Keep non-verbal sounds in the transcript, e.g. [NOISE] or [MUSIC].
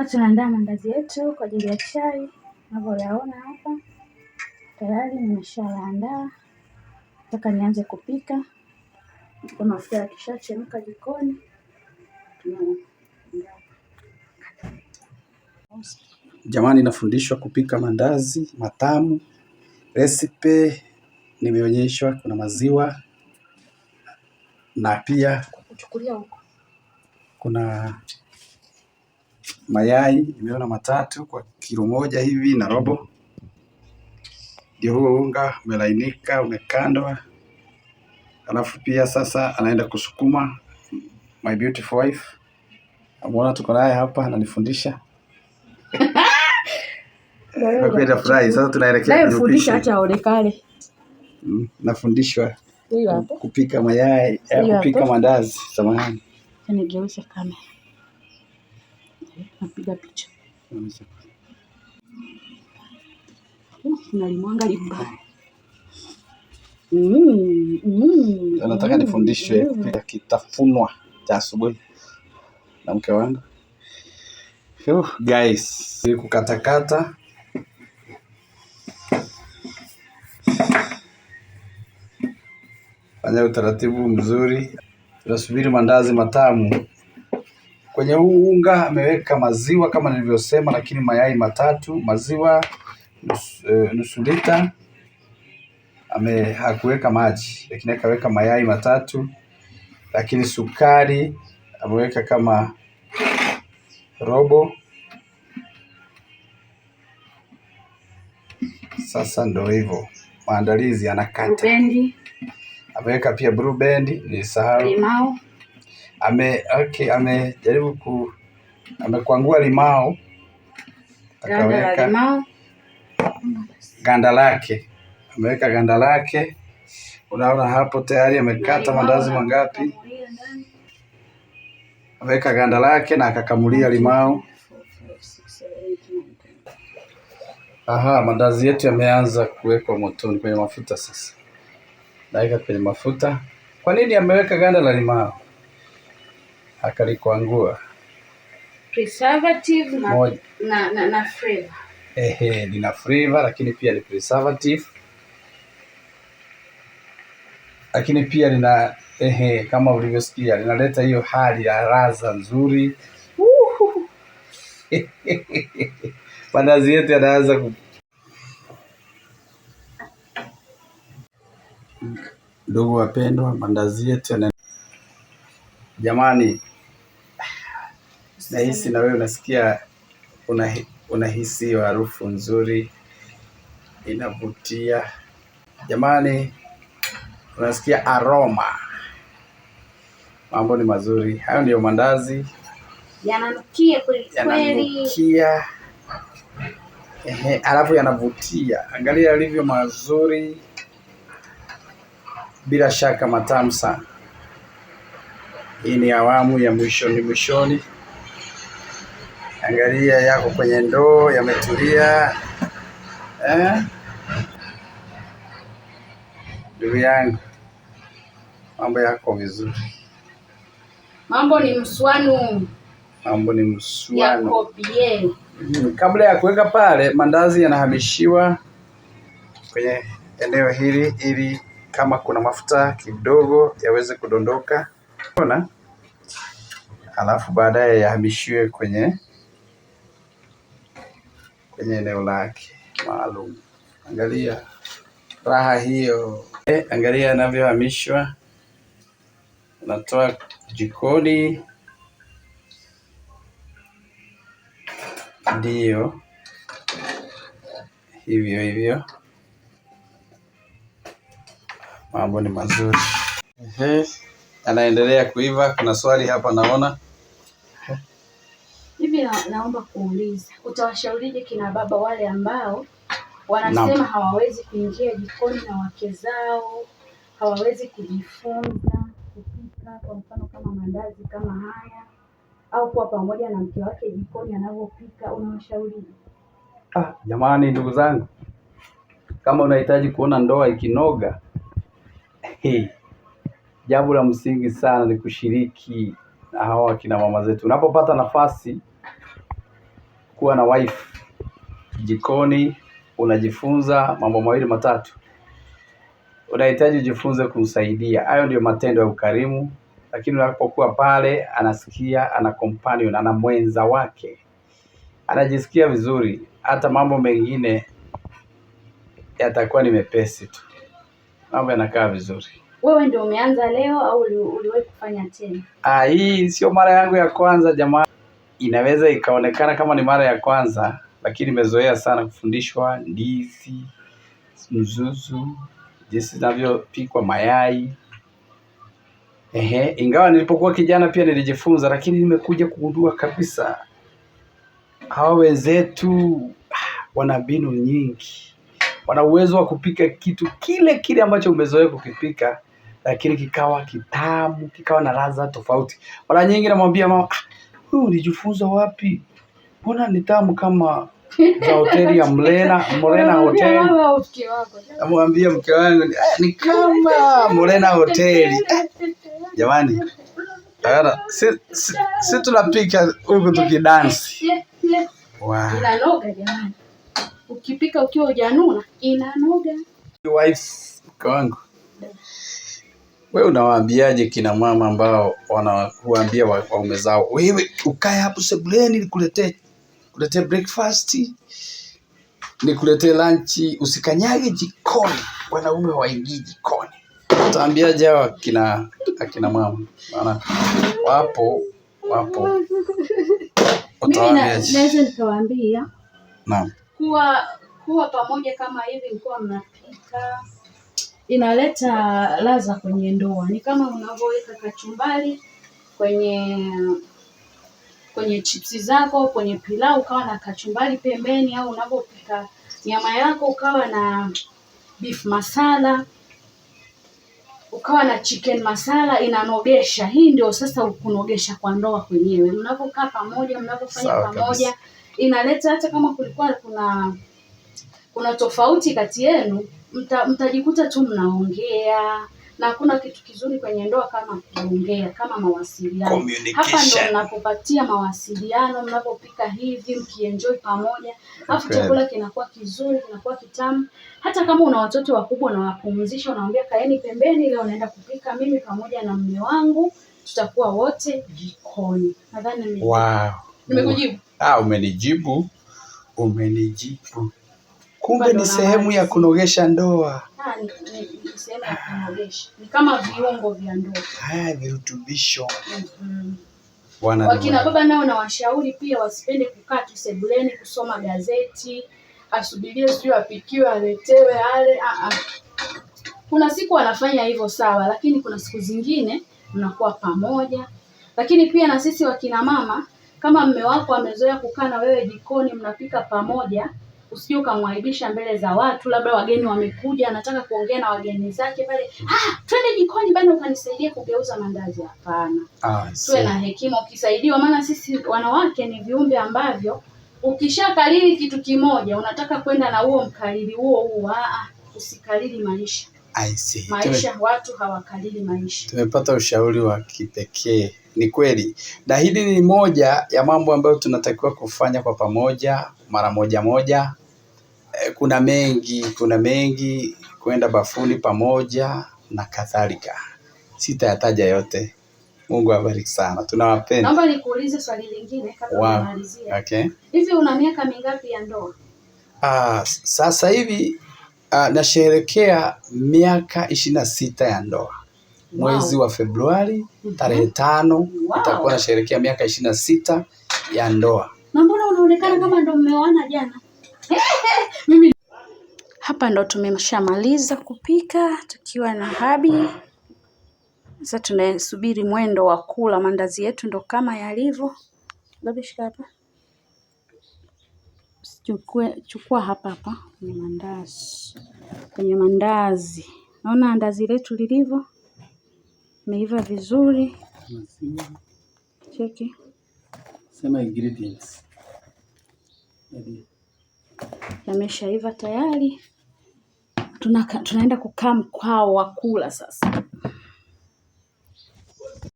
Hapa tunaandaa maandazi yetu kwa ajili ya chai, unavyoyaona hapa tayari nimeshaandaa. Nataka nianze kupika. Mafuta yakishachemka jikoni Jamani, nafundishwa kupika mandazi matamu. Resipe nimeonyeshwa, kuna maziwa na pia kuna mayai nimeona matatu kwa kilo moja hivi na robo. Ndio huo unga umelainika, umekandwa, alafu pia sasa anaenda kusukuma. My beautiful wife amuona, tuko naye hapa ananifundisha furahi. Sasa tunaelekea fundisha, acha aonekane, mm, nafundishwa kupika mayai, eh, kupika mandazi. Samahani, nigeuze kamera napiga picha nalimwanga limbaya. Mm, mm. nataka nifundishwe mm. kupika kitafunwa cha asubuhi na mke wangu guys, kukatakata fanya utaratibu mzuri, tunasubiri mandazi matamu. Kwenye huu unga ameweka maziwa kama nilivyosema, lakini mayai matatu, maziwa eh, nusu lita. Ame hakuweka maji, lakini akaweka mayai matatu, lakini sukari ameweka kama robo. Sasa ndo hivyo maandalizi, anakata ameweka pia blue band, ni sahau ame- okay, amejaribu ku amekwangua limao akaweka limao. ganda lake, ameweka ganda lake. Unaona hapo tayari amekata mandazi mangapi, ameweka ganda lake na akakamulia limao. Aha, mandazi yetu yameanza kuwekwa motoni kwenye mafuta sasa. Naweka kwenye mafuta. Kwa nini ameweka ganda la limao? akalikwangua preservative na, Moj... na, na, na flavor. Ehe, lina flavor lakini pia ni preservative lakini pia lina ehe, kama ulivyosikia linaleta hiyo hali ya raza nzuri. [LAUGHS] Mandazi yetu yanaanza ku... Ndugu wapendwa, mandazi yetu yana... Jamani, nahisi na wewe unasikia unahisi hiyo harufu nzuri inavutia. Jamani, unasikia aroma, mambo ni mazuri. Hayo ndiyo mandazi yananukia kweli kweli, ehe, alafu yanavutia. Angalia yalivyo mazuri, bila shaka matamu sana. Hii ni awamu ya mwishoni mwishoni. Angalia, yako kwenye ndoo yametulia eh? Ndugu yangu, mambo yako vizuri. Mambo ni mswanu, mambo ni mswanu. Hmm, kabla ya kuweka pale mandazi yanahamishiwa kwenye eneo hili ili kama kuna mafuta kidogo yaweze kudondoka, Unaona? alafu baadaye yahamishiwe kwenye kwenye eneo lake maalum. Angalia raha hiyo e, angalia anavyohamishwa, anatoa jikoni, ndiyo hivyo hivyo, mambo ni mazuri. Ehe, anaendelea kuiva. Kuna swali hapa naona. Pia naomba kuuliza, utawashaurije kina baba wale ambao wanasema hawawezi kuingia jikoni na wake zao, hawawezi kujifunza kupika, kwa mfano kama mandazi kama haya, au kuwa pamoja na mke wake jikoni anavyopika, unawashaurije? Ah, jamani, ndugu zangu, kama unahitaji kuona ndoa ikinoga, hey, jambo la msingi sana ni kushiriki na hawa kina mama zetu unapopata nafasi kuwa na wife jikoni, unajifunza mambo mawili matatu, unahitaji ujifunze kumsaidia. Hayo ndiyo matendo ya ukarimu. Lakini unapokuwa pale, anasikia ana companion, ana mwenza wake, anajisikia vizuri, hata mambo mengine yatakuwa ni mepesi tu, mambo yanakaa vizuri. Wewe ndio umeanza leo au uliwahi kufanya tena? Ah, hii sio mara yangu ya kwanza jamaa inaweza ikaonekana kama ni mara ya kwanza, lakini nimezoea sana kufundishwa ndizi, mzuzu, jinsi zinavyopikwa mayai. Ehe, ingawa nilipokuwa kijana pia nilijifunza, lakini nimekuja kugundua kabisa hawa wenzetu ah, wana mbinu nyingi, wana uwezo wa kupika kitu kile kile ambacho umezoea kukipika, lakini kikawa kitamu, kikawa na ladha tofauti. Mara nyingi namwambia mama, ah, wewe ulijifunza wapi? Mbona ni tamu kama za hoteli ya Mlena, Mlena Hotel. Namwambia mke wangu ah, ni kama Mlena hotel [LAUGHS] Jamani. si, si, si tunapika huku tukidansi. Wow. jamani. Ukipika ukiwa hujanuna, Wife mke wangu. Wewe unawaambiaje kina mama ambao wanakuambia waume zao, wewe ukae hapo sebuleni nikuletee kuletee breakfast, nikuletee lunch, usikanyage jikoni, wanaume waingii jikoni. Utaambiaje hawa akina akina mama? Maana wapo wapo, Naweza nikawaambia naam, kuwa kuwa pamoja kama hivi, mkuwa mnapika inaleta ladha kwenye ndoa, ni kama unavyoweka kachumbari kwenye kwenye chipsi zako, kwenye pilau ukawa na kachumbari pembeni, au unapopika nyama yako ukawa na beef masala ukawa na chicken masala inanogesha. Hii ndio sasa kunogesha kwa ndoa kwenyewe, mnapokaa pamoja, mnapofanya pamoja, inaleta hata kama kulikuwa kuna kuna tofauti kati yenu, mta, mtajikuta tu mnaongea na hakuna kitu kizuri kwenye ndoa kama kuongea, kama mawasiliano. Hapa ndo mnapopatia mawasiliano, mnapopika hivi mkienjoy pamoja, alafu chakula kinakuwa kizuri, kinakuwa kitamu. Hata kama una watoto wakubwa unawapumzisha, unaambia kaeni pembeni, leo naenda kupika mimi pamoja na mume wangu, tutakuwa wote jikoni. Nadhani nimekujibu. Wow. Ah, umenijibu, umenijibu. Kumbe ah, ni sehemu ya kunogesha ndoa. ni, kama viungo vya ndoa. Haya virutubisho. Mm -hmm. Wakina baba nao na washauri pia wasipende kukaa tu sebuleni kusoma gazeti, asubirie sio apikiwe, aletewe, ale. Ah, ah, kuna siku wanafanya hivyo sawa, lakini kuna siku zingine mnakuwa pamoja. Lakini pia na sisi wakina mama, kama mme wako amezoea kukaa na wewe jikoni, mnapika pamoja usije ukamwharibisha mbele za watu, labda wageni wamekuja, anataka kuongea na wageni zake pale, ah, twende jikoni bana, ukanisaidia kugeuza mandazi. Hapana, ah, tuwe na hekima, ukisaidiwa. Maana sisi wanawake ni viumbe ambavyo ukishakalili kitu kimoja unataka kwenda na huo mkalili huo huo. Ah, ah usikalili maisha. Maisha Tume... watu hawakalili maisha. Tumepata ushauri wa kipekee. Ni kweli, na hili ni moja ya mambo ambayo tunatakiwa kufanya kwa pamoja, mara moja moja. Eh, kuna mengi, kuna mengi, kwenda bafuni pamoja na kadhalika, sitayataja yote. Mungu awabariki sana, tunawapenda. Naomba nikuulize swali lingine kabla wow. Unamalizia. Okay. Hivi una miaka mingapi ya ndoa? Ah, sasa hivi Ah, nasherekea miaka ishirini na sita ya ndoa mwezi wa Februari mhm. tarehe tano wow. Itakuwa nasherekea miaka ishirini na sita ya ndoa. Na mbona unaonekana kama ndo mmeoana jana? [LAUGHS] Mimi hapa ndo tumeshamaliza kupika tukiwa na habi. Sasa tunasubiri mwendo wa kula, mandazi yetu ndo kama yalivyo. Babi, shika hapa chukua hapa hapa kwenye mandazi. Naona andazi letu lilivyo, imeiva vizuri. Cheki, sema ingredients yameshaiva tayari. Tuna, tunaenda kukaa mkao wa kula sasa.